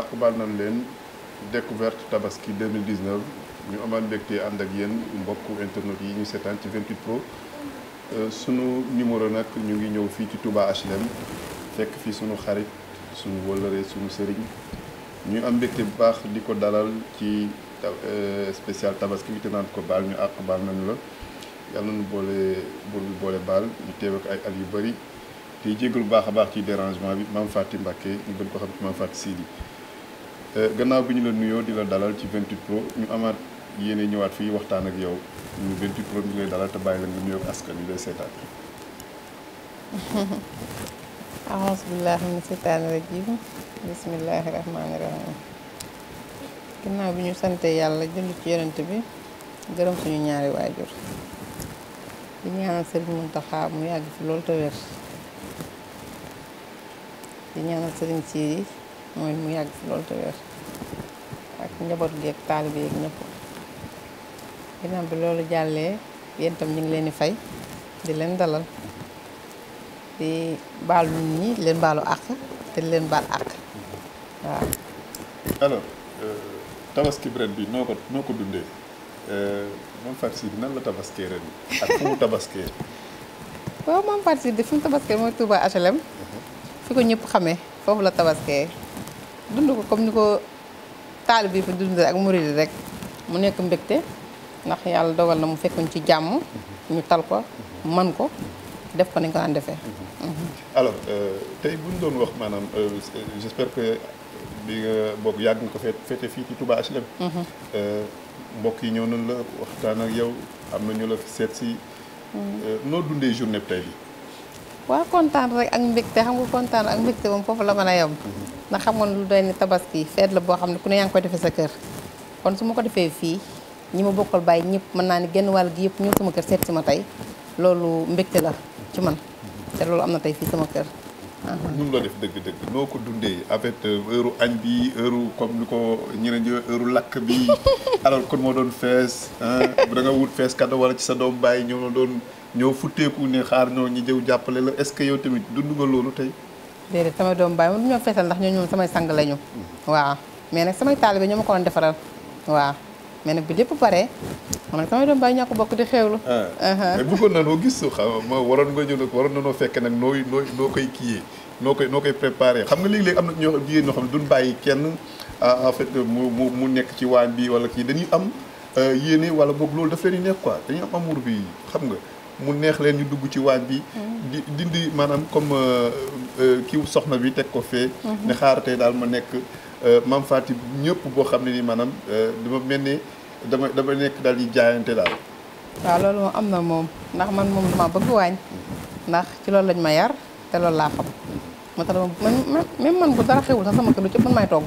àq baal nañ leen découverte tabaski 2019 ñu amal mbégte ànd ak yéen mbokk internet yi ñu seetaan ci 28 pro euh, sunu numéro nag ñu ngi ñëw fii ci Touba HLM fekk fii sunu xarit sunu wëllëre sunu sëriñ ñu am mbégte bu baax di ko dalal ci euh, spécial tabaski bi te naan ko baal ñu àq baal nañ la yàlla nañu boole boole boolee baal ñu teew ak ay at yu bari di jégalu bu baax baax ci dérangement bi Mame Faty Mbacké ñu gën ko xam ci Mame Faty Sidi Euh, gannaaw bi ñu la nuyoo di la dalal ci 28 pro ñu amaat yéene ñëwaat fii waxtaan ak yow ñu 28 pro ñu lay dalal te bàyyi la nga nuyoog askan wi lay seetaan. aùzu billaahi mina seytaani rajiim bismillaahi rahmaani rahiim gannaaw bi ñu sante yàlla jënd ci yonent bi gërëm suñu ñaari waajur di ñaanal Serigne Mountakha mu yàgg fi loolu te wér di ñaanal Serigne Siri. mooy mu yàgg fi loolu te wér ak njaboot gi ak taalibe yi ak ñëpp ginnaaw bi loolu jàllee yéen tam ñu ngi leen di fay di leen dalal di baalu nii ñi di leen baalu àq te leen baal àq waaw. alors euh, tabaski ren bi noo ko noo ko dundee euh, moom Fatou Seye nan la tabaskee ren ak fu mu tabaskee. waaw moom Fatou Seye de fu mu tabaskee mooy Touba HLM. Uh-huh. fi ko ñëpp xamee foofu la tabaskee. dund ko comme ni ko taalib yi fa dund ak murid rek mu nekk mbégte ndax yàlla dogal na mu fekkuñ ci jàmm ñu tal ko man ko def ko nañ ko daan defee. Mhm. alors euh, tey buñ doon wax maanaam euh, j'espère que bi nga bokk yàgg nga ko fete fii ci Touba HLM. Mhm. Euh, mbokk yi ñëw nañ la waxtaan ak yow am na ñu la seet si. Mhm. noo dundee journée bi tey bi waaw kontaan rek ak mbégte xam nga kontaan ak mbégte moom foofu la mën a yem ndax xam nga lu doy ni tabaski feet la boo xam ne ku ne yaa ngi koy defee sa kër kon su ma ko defee fii ñi ma bokkal bàyyi ñëpp mën naa ni genn wàll gi yëpp ñëw sama kër seet si ma tey loolu mbégte la ci man te loolu am na tey fii sama kër ñun la def dëgg-dëgg noo ko dundee avec euh, heure añ bi heure comme ni ko ñeneen ñi lakk bi alors kon moo doon fees da nga wut fees cadeau wala ci sa doom bàyyi ñoo doon ñoo futteeku ne xaar ñoo ñi jëw jàppale la est-ce que yow tamit dund nga loolu tey. déedéet sama doom baay moom du ñoo feesal ndax ñoo ñoom samay sang lañu. Mm-hmm. waaw mais nag samay taalibe ñoo ma ko doon defaral waaw. mais nag bi lépp pare man nag samay doom bàyyi ñàkk bokk di xewlu. Ah, mais na noo gis xam nga waroon nga ñëw nag waroon na noo fekk nag nooy nooy noo koy kiiyee noo koy noo koy xam nga léegi am na ñoo jigéen ñoo xam ne bàyyi kenn ah, en fait mu mu nekk ci waañ bi wala kii dañuy am euh, yéene wala boog loolu daf leen di nekk quoi dañuy am amour bi xam nga. mu neex leen ñu dugg ci waañ bi di dindi maanaam comme euh, euh, kii soxna bi teg ko fee mhm. ne xaar tey daal ma nekk euh, maam Fatim ñëpp boo xam ne ni maanaam dama mel ne dama dama nekk daal di jaayante daal waaw loolu moom am na moom ndax man moom dama bëgg waañ ndax ci loolu lañ ma yar te loolu laa xam moo tax dama man même man bu dara xewul sax sama kër du ci man may togg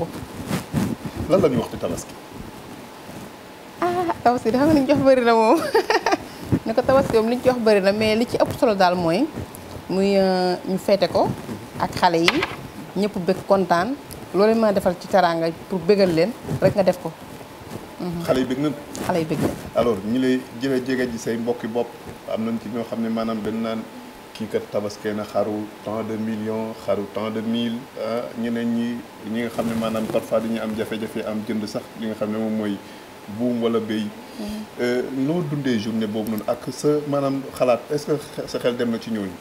lan la ñuy wax ci tabaski ah tabaski dafa nga ni jox bëri moom ne ko tabaski moom li ñu ci wax bëri na mais li ci ëpp solo daal mooy muy euh, ñu feete ko ak xale yi ñëpp bëgg kontaan loolu ma defal ci teraanga pour bëggal leen rek nga def ko. Mhm. xale yi bëgg nañ xale yi bëgg nañ alors ñu lay jële jege ji say mbokki bopp am nañ ci ñoo xam ne maanaam dañ naan kii kat tabaskee na xaru tant de millions xaru tant de mille ah, ñeneen ñi ñi nga xam ne maanaam parfois dañuy am jafe-jafe am jënd sax li nga xam ne moom mooy. buum wala béy. Mm-hmm. Euh, noo dundee journée boobu noonu ak sa maanaam xalaat est-ce que sa xel dem na ci ñooñu.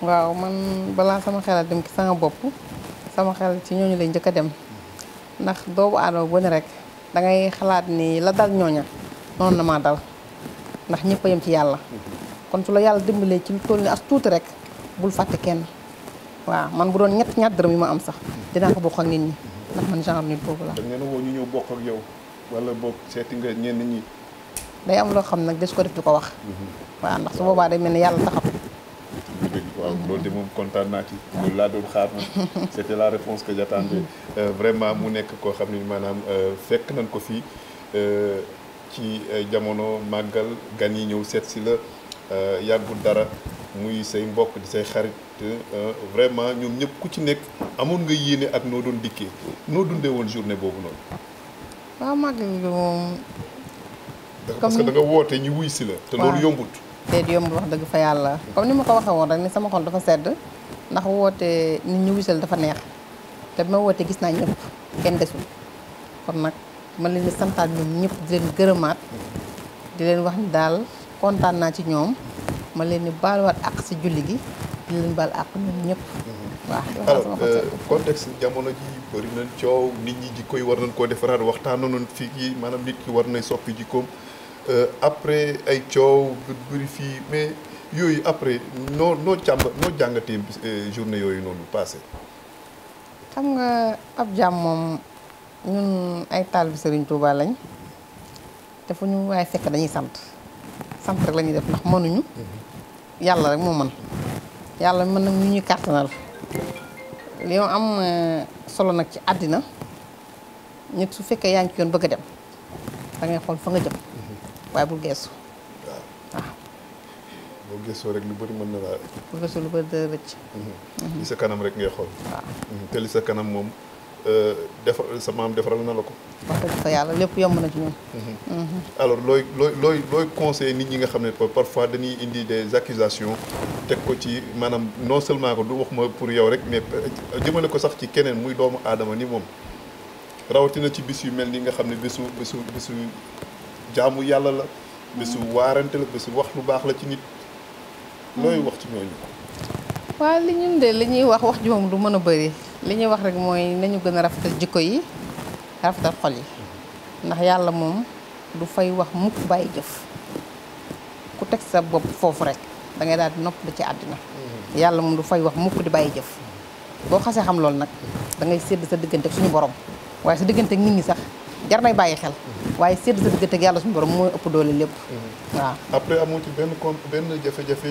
waaw man balaa sama xel a dem ci sama bopp sama xel ci ñooñu lay njëkk a dem ndax doobu aadama bu ne rek da xalaat ni la dal ñooña noonu na maa dal ndax ñëpp a ci yàlla. Mm-hmm. kon su la yàlla dimbalee ci lu toll ni as tuuti rek bul fàtte kenn waaw man bu doon ñett ñaar dërëm yi ma am sax dinaa ko bokk ak nit ñi ndax man genre nit boobu laa. da ngeen a woo ñu ñëw yow. wala boog seeti nga ñenn ñi. day am loo xam nag des ko def di ko wax. Mm-hmm. waaw ndax su boobaa day mel ni yàlla taxaw. loolu de moom kontaan naa ci loolu laa doon xaar na c'était la réponse que bi euh, vraiment mu nekk ko xam ne maanaam euh, fekk nañ ko fii euh, ci jamono màggal gan yi ñëw seet si la yàggul dara muy say mbokk di say xarit vraiment ñoom ñëpp ku ci nekk amoon nga yéene ak noo doon dikkee noo dundee woon journée boobu noonu waaw màggal gi moom. parce que da nga woote ñu wuy si la. te loolu yombut. déet yombul wax dëgg fa yàlla comme ni ma ko waxee woon rek ni sama xol dafa sedd ndax woote nit ñu wisal dafa neex te bi ma wootee gis naa ñëpp kenn desul kon nag ma leen di santaat ñoom ñëpp di leen gërëmaat di leen wax ni daal kontaan naa ci ñoom ma leen di baaluwaat ak si julli gi di leen baal àq ñoom ñëpp. Mhm. waaw alors euh, contexte jamono ji bëri nañ coow nit ñi jikko war nañ koo defaraat waxtaanoon nañ fii kii maanaam nit ki war nay soppi jikkoom euh, après ay coow bëri fii mais yooyu après noo noo càmba noo jàngatee euh, journée yooyu noonu passé xam nga ab jàmm moom ñun ay taal bi Serigne Touba lañ te fu ñu waaye fekk dañuy sant sant rek la def ndax mënuñu mhm. yàlla rek moo mën yàlla mën nag ñu ñuy kàttanal li am euh, solo nag ci àddina nit su fekkee yaa ngi ci yoon bëgg a dem da ngay xool fa nga jëm mm-hmm. waaye bul geesu waaw boo gëstoo rek lu bëri mën na laa. boo gëstoo lu bëri dara rëcc. Mm-hmm. Mm-hmm. li sa kanam rek ngay xool. waaw te li sa kanam moom. Euh, defar sa maam defaral na la ko. wax dëgg fa lépp yomb na ci ñun. Mhm. Mhm. alors looy looy looy looy conseil nit ñi nga xam ne parfois dañuy indi des accusations teg ko ci maanaam non seulement ko du wax ma pour yow rek mais jëmale ko sax ci keneen muy doomu aadama ni moom rawatina ci bis yu mel ni nga xam ne bisu bisu bisu jaamu yàlla la. bisu waarante la bisu wax lu baax la ci nit. looy mhm. wax ci ñooñu. waaw li ñun de li ñuy wax wax ji du mën a bëri. li ñuy wax rek mooy nañu gën a rafetal jikko yi rafetal xol yi ndax yàlla moom du fay wax mukk bàyyi jëf ku teg sa bopp foofu rek da ngay daal di nopp ci àddina mm-hmm. yàlla moom du fay wax mukk di bàyyi jëf boo xasee xam loolu nag da ngay sédd sa diggante ak suñu borom waaye sa diggante ak nit ñi sax jar nay bàyyi xel mm-hmm. waaye sédd sa diggante ak yàlla suñu borom mooy ëpp doole lépp mm-hmm. waaw après amoo ci benn compte benn jafe-jafe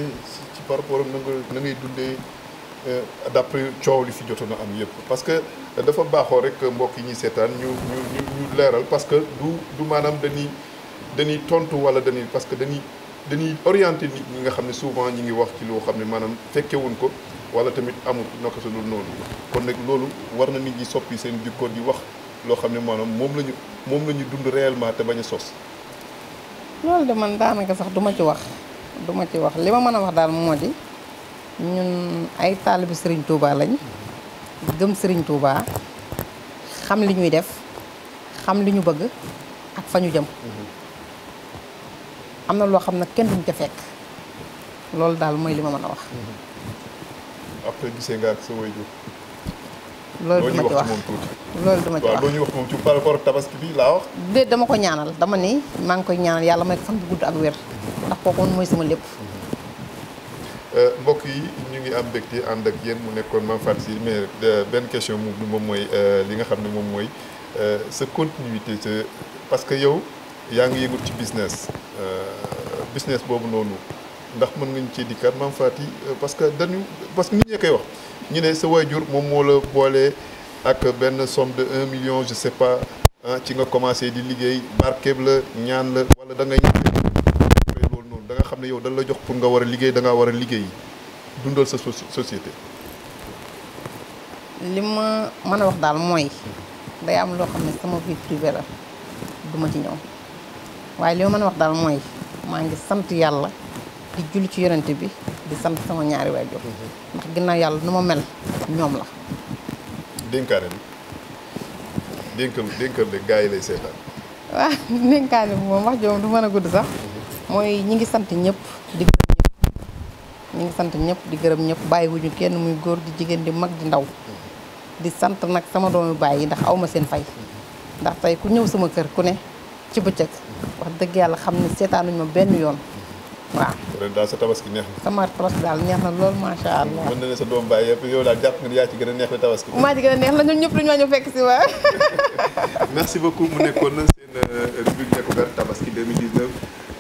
ci par rapport ak na ngay dundee Euh, d'après coow li fi jotoon a am yëpp parce que dafa baaxoo rek mbokk yi ñuy seetaan ñu ñu ñu ñu leeral parce que du du maanaam dañuy dañuy tontu wala dañuy parce que dañuy dañuy orienté nit ñi nga xam ne souvent ñi ngi wax ci loo xam ne maanaam fekkewuñ ko wala tamit amut naka su dul noonu kon nag loolu war na nit ñi soppi seen jikko di wax loo xam ne maanaam moom la ñu moom la ñu dund réellement te bañ a sos. loolu de man daanaka sax du ma ci wax du ma ci wax li ma mën a wax daal moo di. ñun ay taalibi sëriñ Touba lañ gëm sëriñ Touba xam li ñuy def xam li ñu bëgg ak fa ñu jëm. Mhm. am na loo xam nag kenn duñ ca fekk loolu daal mooy li ma mën a wax. Mhm. après gisee nga ak sa loolu dama ci wax loolu dama ci wax waaw dama ko ñaanal dama ni maa ngi koy ñaanal yàlla may ko fan bu gudd ak wér mhm. ndax kooku mooy sama lépp. Euh, mbokk yi ñu ngi am mbégte ànd ak yéen mu nekkoon Mame Faty Sy mais euh, benn question mu moom mooy euh, li nga xam ne moom mooy sa continuité sa parce que yow yaa ngi yëngut ci business business boobu noonu ndax mën nga ñu ci dikkaat Mame Faty parce que dañu parce que nit ñee koy wax ñu ne sa waajur moom moo la boolee ak benn somme de un million je sais pas ci nga commencé di liggéey barkeeb la ñaan la wala da ngay ñaan xam ne yow dañ la jox pour nga war a liggéey da ngaa war a liggéey dundal sa société. li ma mën a wax daal mooy day am loo xam ne sama vie privée la du ma ci ñëw waaye li ma mën a wax daal mooy maa ngi sant yàlla di julli ci yonent bi di sant sama ñaari waajur ndax ginnaaw yàlla nu ma mel ñoom la. dénkaane bi dénkal dénkal de gars lay seetaan. dénkaane bi moom wax joom du mën a gudd sax. mooy ñi ngi sant ñëpp di gërëm ñëpp ngi sant ñëpp di gërëm ñëpp bàyyiwuñu kenn muy góor di jigéen di mag di ndaw di sant nag sama doomu baay yi ndax aw ma seen fay ndax tey ku ñëw sama kër ku ne ci bëccëg wax dëgg yàlla xam ne seetaanuñ ma benn yoon waaw ren daal sama tabaski daal neex na lool macha allah mën na ne sa doom bàyyi yow daal jàpp nga yaa ci gën a neex la tabaski maa ci gën a neex la ñun ñëpp lu ñu fekk si waa beaucoup mu nekkoon seen euh,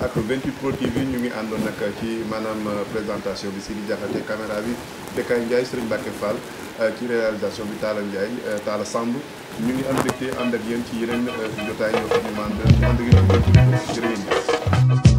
ak 28 Pro TV ñu ngi àndoon nag ci maanaam présentation bi Sidi Diakhaté caméra bi Bekay Ndiaye Serigne Mbacke Fall euh, ci réalisation bi taala Ndiaye euh, Talla Samb ñu ngi am mbégte ànd ak yéen ci yeneen euh, jotaay yoo xam ne maanaam ànd ak yéen jërë ngeen